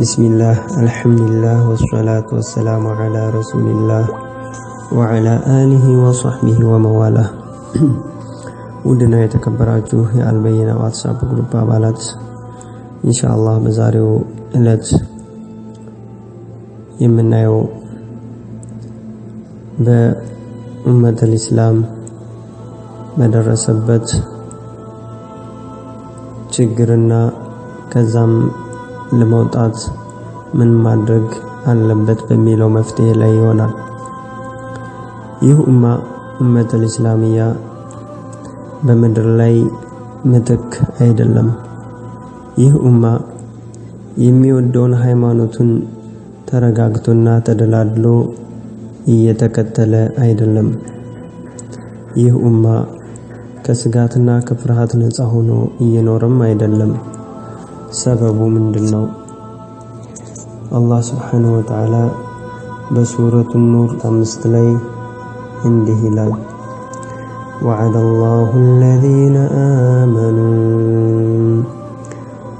ቢስሚላህ አልሐምዱሊላህ ወሰላቱ ወሰላሙ ዓላ ረሱሊላህ ወዓላ አሊሂ ወሶሕቢሂ ወመዋላ። ውድና የተከበራችሁ የአልበይነ ዋትሳፕ ግሩፕ አባላት ኢንሻአላህ በዛሬው ዕለት የምናየው በኡመተል ኢስላም በደረሰበት ችግርና ከዛም ለመውጣት ምን ማድረግ አለበት በሚለው መፍትሄ ላይ ይሆናል። ይህ ኡማ እመተል ኢስላሚያ በምድር ላይ ምትክ አይደለም። ይህ ኡማ የሚወደውን ሃይማኖቱን ተረጋግቶና ተደላድሎ እየተከተለ አይደለም። ይህ ኡማ ከስጋትና ከፍርሃት ነፃ ሆኖ እየኖረም አይደለም። سبب من دنو الله سبحانه وتعالى بسورة النور تمستلي عنده لك وعد الله الذين آمنوا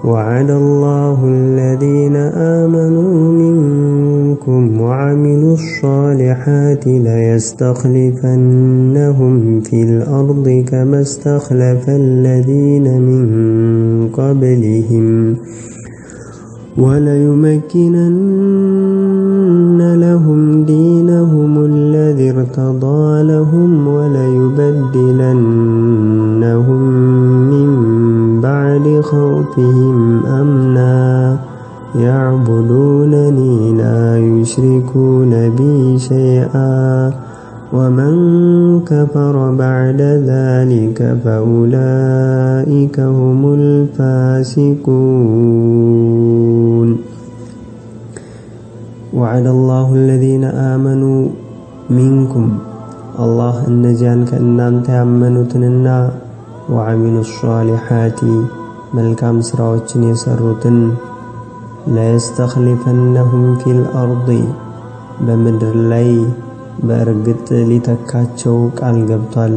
وعد الله الذين آمنوا منكم وعملوا الصالحات ليستخلفنهم في الأرض كما استخلف الذين من قبلهم وليمكنن لهم دينهم الذي ارتضى لهم وليبدلنهم خوفهم أمنا يعبدونني لا يشركون بي شيئا ومن كفر بعد ذلك فأولئك هم الفاسقون وعد الله الذين آمنوا منكم الله أن جانك أن تأمنوا تننا وعملوا الصالحات መልካም ስራዎችን የሰሩትን ለየስተኽሊፈነሁም ፊል አርድ በምድር ላይ በእርግጥ ሊተካቸው ቃል ገብቷል።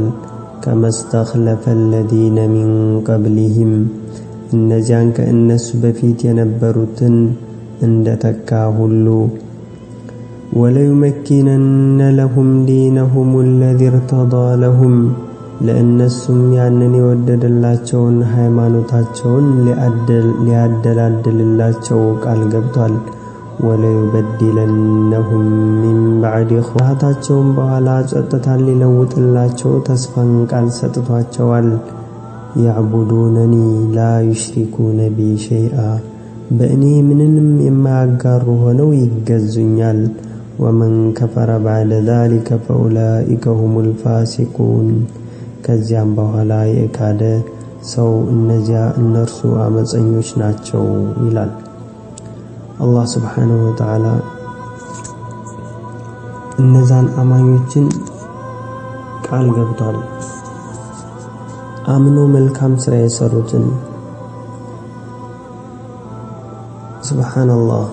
ከመስተኽለፈ ለዚነ ሚን ቀብሊሂም እነዚያን ከእነሱ በፊት የነበሩትን እንደ ተካ ሁሉ ወለዩመኪነነ ለሁም ዲነሁም ለዚ እርተዳ ለሁም ለእነሱም ያንን የወደደላቸውን ሃይማኖታቸውን ሊያደላድልላቸው ቃል ገብቷል። ወለዩበድለነሁም ሚን ባዕድ ፍርሃታቸውም በኋላ ጸጥታን ሊለውጥላቸው ተስፋን ቃል ሰጥቷቸዋል። ያዕቡዱነኒ ላ ዩሽሪኩነ ቢ ሸይአ በእኔ ምንንም የማያጋሩ ሆነው ይገዙኛል። ወመን ከፈረ ባዕደ ዛሊከ ፈኡላኢከ ሁሙል ልፋሲቁን ከዚያም በኋላ የካደ ሰው እነዚያ እነርሱ አመፀኞች ናቸው ይላል። አላህ ስብሓነሁ ወተዓላ እነዛን አማኞችን ቃል ገብቷል። አምኖ መልካም ስራ የሰሩትን ስብሓነላህ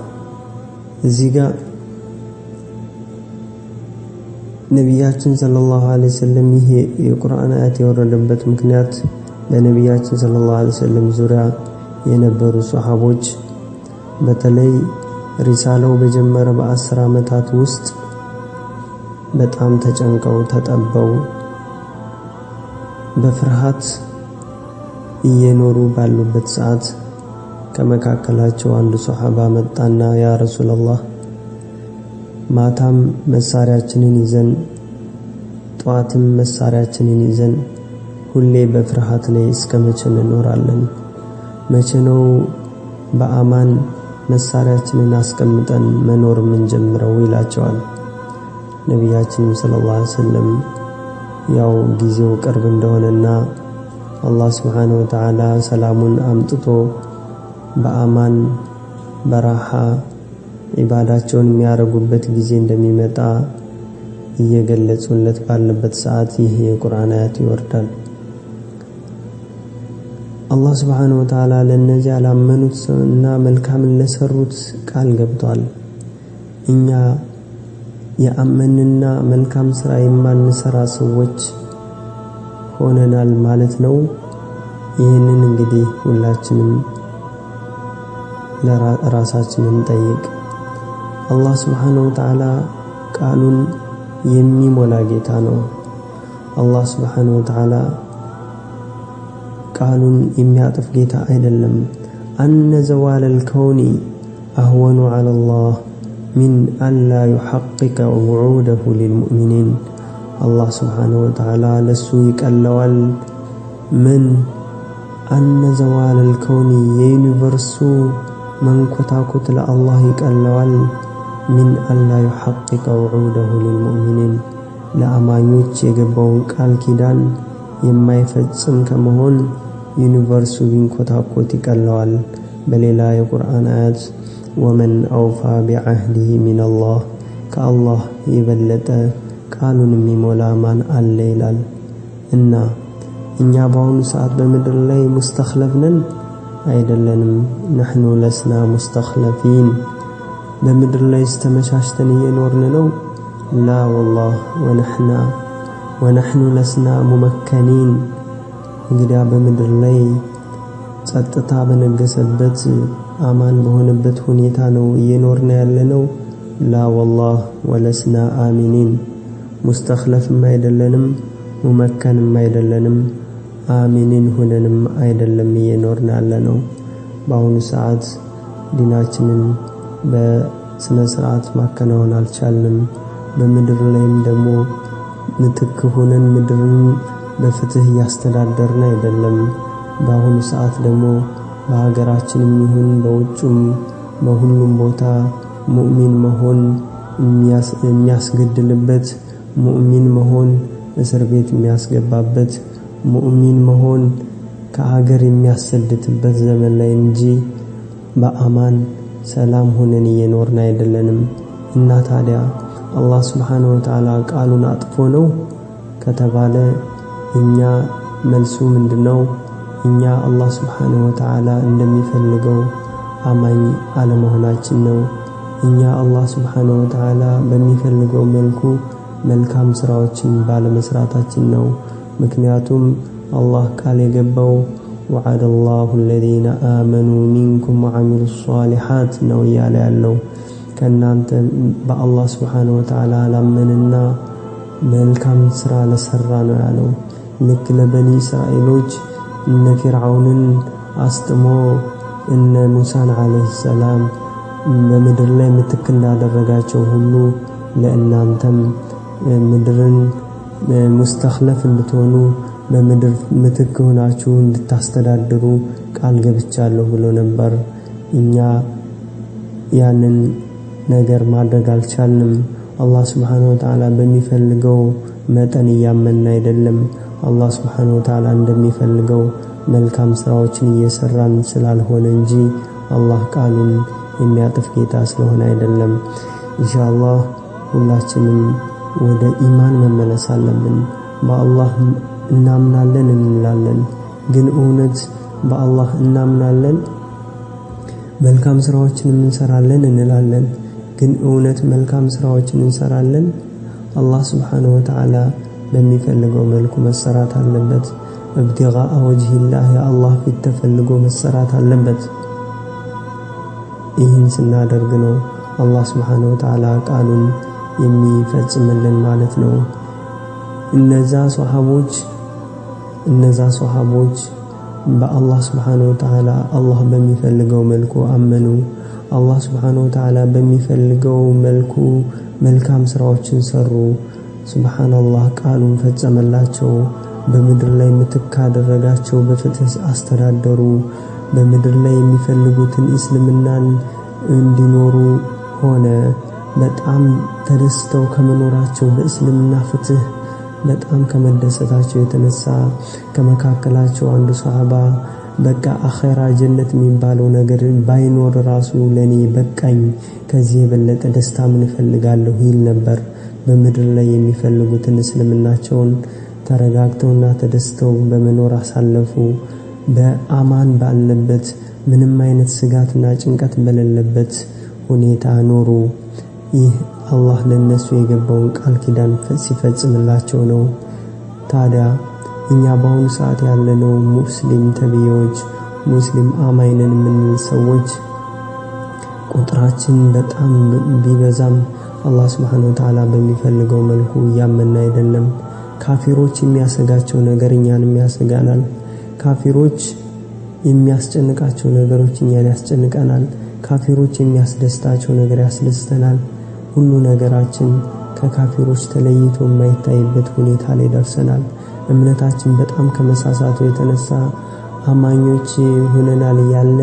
እዚህ ጋር ነቢያችን ሰለላሁ ዐለይሂ ወሰለም ይህ የቁርአን አያት የወረደበት ምክንያት በነቢያችን ሰለላሁ ዐለይሂ ወሰለም ዙሪያ የነበሩ ሰሃቦች በተለይ ሪሳላው በጀመረ በአስር ዓመታት ውስጥ በጣም ተጨንቀው ተጠበው በፍርሃት እየኖሩ ባሉበት ሰዓት ከመካከላቸው አንዱ ሰሃባ መጣና ያ ረሱላላህ ማታም መሳሪያችንን ይዘን ጠዋትም መሳሪያችንን ይዘን ሁሌ በፍርሃት ላይ እስከ መቼ እንኖራለን? መቼ ነው በአማን መሳሪያችንን አስቀምጠን መኖር የምንጀምረው? ይላቸዋል ነቢያችንም ሰለላሁ ዐለይሂ ወሰለም ያው ጊዜው ቅርብ እንደሆነና አላህ ሱብሓነሁ ወተዓላ ሰላሙን አምጥቶ በአማን በረሃ ኢባዳቸውን የሚያደርጉበት ጊዜ እንደሚመጣ እየገለጹለት ባለበት ሰዓት ይህ የቁርአን አያት ይወርዳል። አላህ ስብሓነ ወተዓላ ለእነዚያ አላመኑት እና መልካምን ለሰሩት ቃል ገብቷል። እኛ የአመንና መልካም ስራ የማንሰራ ሰዎች ሆነናል ማለት ነው። ይህንን እንግዲህ ሁላችንም ለራሳችንን ጠይቅ። አላህ ስብሓነሁ ወተዓላ ቃሉን የሚሞላ ጌታ ነው። አላህ ስብሓነሁ ወተዓላ ቃሉን የሚያጥፍ ጌታ አይደለም። አነ ዘዋለል ከውኒ አህወኑ ዐለላህ ሚን አላ ዩሐቂቀ ውዑደሁ ሊልሙእሚኒን። አላህ ስብሓነሁ ወተዓላ ለሱ ይቀለዋል ምን አነ ዘዋለል ከውኒ የዩኒቨርሱ መንኮታኩት ለአላህ ይቀለዋል። ሚን አላ ዩሐቂቀ ውዑደሁ ሊልሙእሚኒን ለአማኞች የገባውን ቃል ኪዳን የማይፈጽም ከመሆን ዩኒቨርሱ ቢንኮታኮት ይቀለዋል። በሌላ የቁርአን አያት ወመን አውፋ ቢዓህዲሂ ሚነላህ ከአላህ የበለጠ ቃሉን የሚሞላ ማን አለ ይላል። እና እኛ በአሁኑ ሰዓት በምድር ላይ ሙስተኽለፍ ነን አይደለንም። ነሕኑ ለስና ሙስተኽለፊን በምድር ላይ ስተመቻችተን እየኖርን ነው? ላ ወላህ ወነሕና ወነሕኑ ለስና ሙመከኒን። እንግዲያ በምድር ላይ ጸጥታ በነገሰበት አማን በሆነበት ሁኔታ ነው እየኖርን ያለ ነው። ላ ወላህ ወለስና አሚኒን። ሙስተኽለፍም አይደለንም፣ ሙመከንም አይደለንም፣ አሚኒን ሁነንም አይደለም እየኖርን ያለ ነው። በአሁኑ ሰዓት ዲናችንን በስነ ስርዓት ማከናወን አልቻልንም። በምድር ላይም ደግሞ ምትክ ሆነን ምድርን በፍትህ እያስተዳደርን አይደለም። በአሁኑ ሰዓት ደግሞ በሀገራችንም ይሁን በውጩም በሁሉም ቦታ ሙእሚን መሆን የሚያስገድልበት፣ ሙእሚን መሆን እስር ቤት የሚያስገባበት፣ ሙእሚን መሆን ከሀገር የሚያሰድትበት ዘመን ላይ እንጂ በአማን ሰላም ሆነን እየኖርን አይደለንም። እና ታዲያ አላህ ሱብሓነሁ ወተዓላ ቃሉን አጥፎ ነው ከተባለ እኛ መልሱ ምንድነው? እኛ አላህ ሱብሓነሁ ወተዓላ እንደሚፈልገው አማኝ አለመሆናችን ነው። እኛ አላህ ሱብሓነሁ ወተዓላ በሚፈልገው መልኩ መልካም ስራዎችን ባለመስራታችን ነው። ምክንያቱም አላህ ቃል የገባው ወዓደ ላሁ አለዚነ አመኑ ሚንኩም ወዓሚሉ ሷሊሓት ነው እያለ ያለው። ከእናንተ በአላህ ስብሓነ ወተዓላ ላመንና መልካም ስራ ለሰራ ነው ያለው። ልክ ለበኒ እስራኤሎች እነ ፊርዓውንን አስጥሞ እነ ሙሳን ዓለይሂ ሰላም በምድር ላይ ምትክ እንዳደረጋቸው ሁሉ ለእናንተም ምድርን ሙስተኽለፍ እንድትሆኑ በምድር ምትክ ሆናችሁ እንድታስተዳድሩ ቃል ገብቻለሁ ብሎ ነበር። እኛ ያንን ነገር ማድረግ አልቻልንም። አላህ ስብሓነሁ ወተዓላ በሚፈልገው መጠን እያመንን አይደለም። አላህ ስብሓነሁ ወተዓላ እንደሚፈልገው መልካም ስራዎችን እየሰራን ስላልሆነ እንጂ አላህ ቃሉን የሚያጥፍ ጌታ ስለሆነ አይደለም። ኢንሻአላህ ሁላችንም ወደ ኢማን መመለስ አለብን። በአላህ እናምናለን እንላለን። ግን እውነት በአላህ እናምናለን መልካም ስራዎችን እንሰራለን እንላለን። ግን እውነት መልካም ስራዎችን እንሰራለን? አላህ ስብሓነሁ ወተዓላ በሚፈልገው መልኩ መሰራት አለበት። እብትጋ ወጅህላህ የአላህ ፊት ተፈልጎ መሰራት አለበት። ይህን ስናደርግ ነው አላህ ስብሓነሁ ወተዓላ ቃሉን የሚፈጽምልን ማለት ነው። እነዛ ሰሓቦች እነዛ ሰሃቦች በአላህ ስብሓነ ወተዓላ አላህ በሚፈልገው መልኩ አመኑ። አላህ ስብሓነ ወተዓላ በሚፈልገው መልኩ መልካም ስራዎችን ሰሩ። ሱብሓነላህ ቃሉን ፈጸመላቸው። በምድር ላይ ምትክ አደረጋቸው። በፍትህ አስተዳደሩ። በምድር ላይ የሚፈልጉትን እስልምናን እንዲኖሩ ሆነ። በጣም ተደስተው ከመኖራቸው በእስልምና ፍትህ በጣም ከመደሰታቸው የተነሳ ከመካከላቸው አንዱ ሰሃባ በቃ አኼራ ጀነት የሚባለው ነገር ባይኖር ራሱ ለእኔ በቃኝ፣ ከዚህ የበለጠ ደስታ ምን እፈልጋለሁ ይል ነበር። በምድር ላይ የሚፈልጉትን እስልምናቸውን ተረጋግተውና ተደስተው በመኖር አሳለፉ። በአማን ባለበት ምንም አይነት ስጋትና ጭንቀት በሌለበት ሁኔታ ኖሩ። ይህ አላህ ለእነሱ የገባውን ቃል ኪዳን ሲፈጽምላቸው ነው። ታዲያ እኛ በአሁኑ ሰዓት ያለነው ሙስሊም ተብዬዎች ሙስሊም አማኝነን የምንል ሰዎች ቁጥራችን በጣም ቢበዛም አላህ ሱብሓነሁ ወተዓላ በሚፈልገው መልኩ እያመን አይደለም። ካፊሮች የሚያሰጋቸው ነገር እኛንም ያሰጋናል። ካፊሮች የሚያስጨንቃቸው ነገሮች እኛን ያስጨንቀናል። ካፊሮች የሚያስደስታቸው ነገር ያስደስተናል። ሁሉ ነገራችን ከካፊሮች ተለይቶ የማይታይበት ሁኔታ ላይ ደርሰናል። እምነታችን በጣም ከመሳሳቱ የተነሳ አማኞች ሆነናል ያለ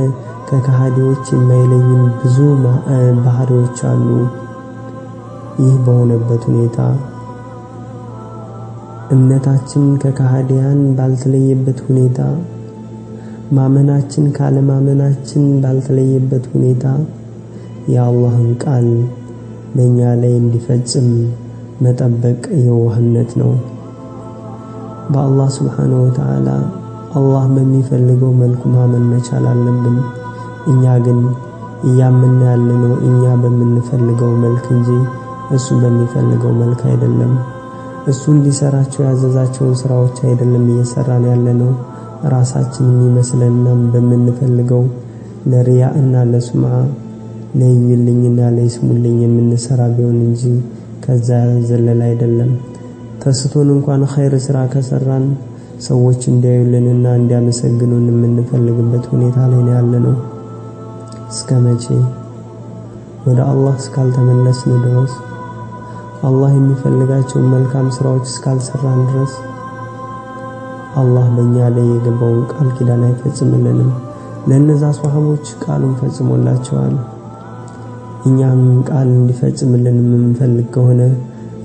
ከከሃዲዎች የማይለዩን ብዙ ባህሪዎች አሉ። ይህ በሆነበት ሁኔታ እምነታችን ከከሃዲያን ባልተለየበት ሁኔታ ማመናችን ካለማመናችን ባልተለየበት ሁኔታ የአላህን ቃል በእኛ ላይ እንዲፈጽም መጠበቅ የዋህነት ነው። በአላህ ስብሓነሁ ወተዓላ አላህ በሚፈልገው መልኩ ማመን መቻል አለብን። እኛ ግን እያመን ያለነው እኛ በምንፈልገው መልክ እንጂ እሱ በሚፈልገው መልክ አይደለም። እሱ እንዲሰራቸው ያዘዛቸውን ስራዎች አይደለም እየሰራን ያለነው ራሳችን የሚመስለናም በምንፈልገው ለሪያ እና ለሱምዓ ለዩልኝና ለይስሙልኝ የምንሰራ ቢሆን እንጂ ከዛ ዘለል አይደለም። ተስቶን እንኳን ኸይር ስራ ከሰራን ሰዎች እንዲያዩልንና እንዲያመሰግኑን የምንፈልግበት ሁኔታ ላይ ነው ያለ ነው። እስከ መቼ ወደ አላህ እስካልተመለስን ድረስ አላህ የሚፈልጋቸውን መልካም ስራዎች እስካልሰራን ድረስ አላህ በእኛ ላይ የገባውን ቃል ኪዳን አይፈጽምልንም። ለእነዛ ሰሃቦች ቃሉን ፈጽሞላቸዋል። እኛም ቃል እንዲፈጽምልን የምንፈልግ ከሆነ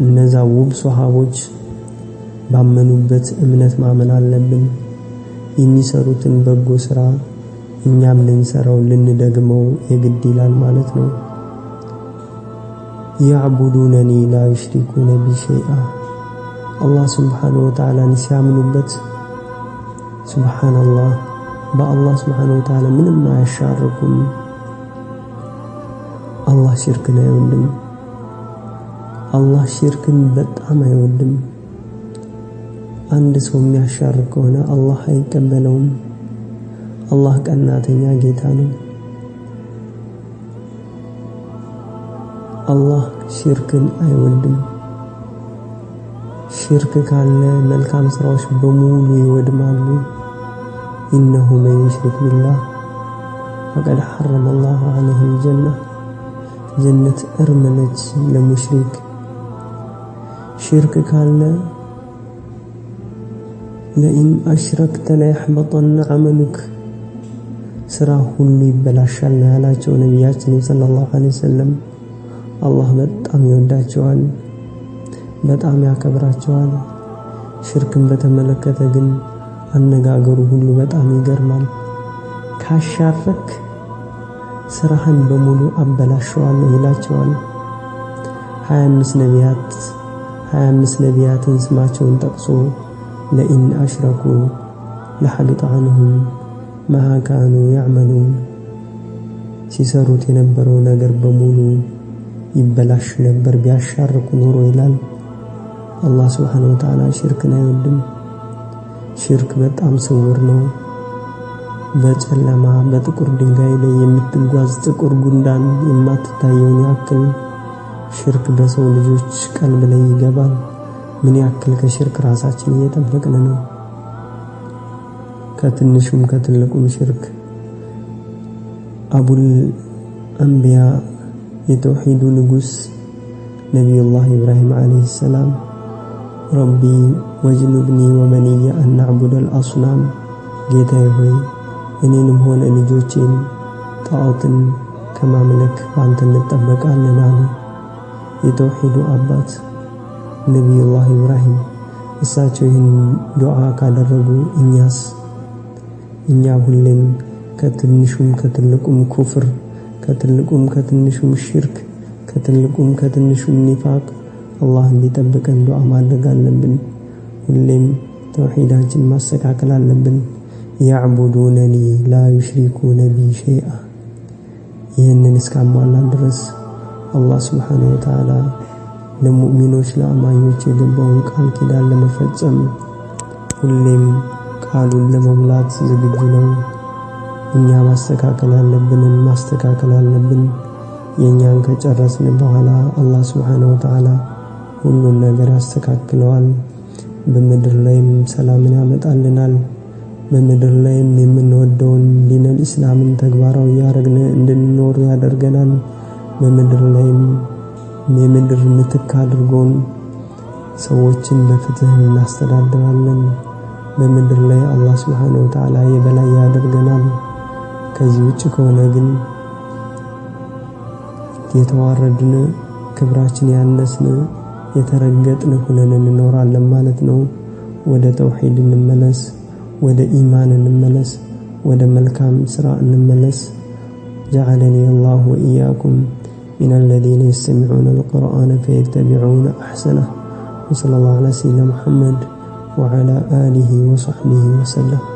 እነዛ ውብ ሶሃቦች ባመኑበት እምነት ማመን አለብን። የሚሰሩትን በጎ ስራ እኛም ልንሰራው ልንደግመው የግድ ይላል ማለት ነው። ያዕቡዱነኒ ላ ዩሽሪኩነ ቢ ሸይአ አላህ ስብሓነ ወተዓላን ሲያምኑበት ስብሓን አላህ በአላህ ስብሓነ ወተዓላ ምንም አያሻርኩም። አላህ ሽርክን አይወድም። አላህ ሽርክን በጣም አይወድም። አንድ ሰው የሚያሻርክ ከሆነ አላህ አይቀበለውም። አላህ ቀናተኛ ጌታ ነው። አላህ ሽርክን አይወድም። ሽርክ ካለ መልካም ስራዎች በሙሉ ይወድማሉ። ኢነሁ መን ዩሽሪክ ቢላህ ፈቀድ ሐረመ አላሁ ዐለይሂል ጀነህ ጀነት እርም ነች ለሙሽሪክ። ሽርክ ካለ ለኢን አሽረክተ ለያሕበጠና አመሉክ ስራ ሁሉ ይበላሻል ነው ያላቸው ነቢያችን ሰለላሁ ዐለይሂ ወሰለም። አላህ በጣም ይወዳቸዋል፣ በጣም ያከብራቸዋል። ሽርክን በተመለከተ ግን አነጋገሩ ሁሉ በጣም ይገርማል። ካሻረክ ስራህን በሙሉ አበላሸዋለሁ ይላቸዋል። 25 ነቢያት ሀያ ነቢያትን ስማቸውን ጠቅሶ ለኢን አሽረኩ ለሐቢጠ አንሁም መሃካኑ ያዕመሉን ሲሰሩት የነበረው ነገር በሙሉ ይበላሽ ነበር ቢያሻርኩ ኖሮ ይላል። አላህ ስብሓነ ወተዓላ ሽርክን አይወድም። ሽርክ በጣም ስውር ነው። በጨለማ በጥቁር ድንጋይ ላይ የምትጓዝ ጥቁር ጉንዳን የማትታየውን ያክል ሽርክ በሰው ልጆች ቀልብ ላይ ይገባል። ምን ያክል ከሽርክ ራሳችን እየጠበቅን ነው? ከትንሹም ከትልቁም ሽርክ አቡል አንቢያ የተውሂዱ ንጉሥ ነቢዩላህ ኢብራሂም ዓለይሂ ሰላም ረቢ ወጅኑብኒ ወበንየ አን ነዕቡደል አስናም ጌታዬ ሆይ እኔንም ሆነ ልጆቼን ጣዖትን ከማምለክ በአንተ እንጠበቃለን አሉ። የተውሒዱ አባት ነቢዩላህ ኢብራሂም እሳቸው ይህን ዱዓ ካደረጉ እኛስ እኛ ሁሌም ከትንሹም ከትልቁም ኩፍር ከትልቁም ከትንሹም ሽርክ ከትልቁም ከትንሹም ኒፋቅ አላህ እንዲጠብቀን ዱዓ ማድረግ አለብን። ሁሌም ተውሒዳችን ማስተካከል አለብን። ያዕቡዱነኒ ላ ዩሽሪኩነ ቢ ሸይአ ይህንን እስካሟላን ድረስ አላህ ስብሓነ ወተዓላ ለሙእሚኖች ለአማኞች የገባውን ቃል ኪዳን ለመፈጸም ሁሌም ቃሉን ለመሙላት ዝግጁ ነው። እኛ ማስተካከል አለብንን ማስተካከል አለብን። የእኛን ከጨረስን በኋላ አላህ ስብሓነ ወተዓላ ሁሉን ነገር ያስተካክለዋል። በምድር ላይም ሰላምን ያመጣልናል። በምድር ላይም የምንወደውን ዲነል ኢስላምን ተግባራዊ ያረግነ እንድንኖር ያደርገናል። በምድር ላይም የምድር ምትክ አድርጎን ሰዎችን በፍትህ እናስተዳድራለን። በምድር ላይ አላህ ሱብሓነሁ ወተዓላ የበላይ ያደርገናል። ከዚህ ውጭ ከሆነ ግን የተዋረድን ክብራችን ያነስን የተረገጥን ሁነን እንኖራለን ማለት ነው። ወደ ተውሂድ እንመለስ። ወደ ኢማን እንመለስ፣ ወደ መልካም ስራ እንመለስ። ጀዓለኒ አላሁ ወኢያኩም من الذين يستمعون القرآن فيتبعون أحسنه وصلى الله على سيدنا محمد وعلى آله وصحبه وسلم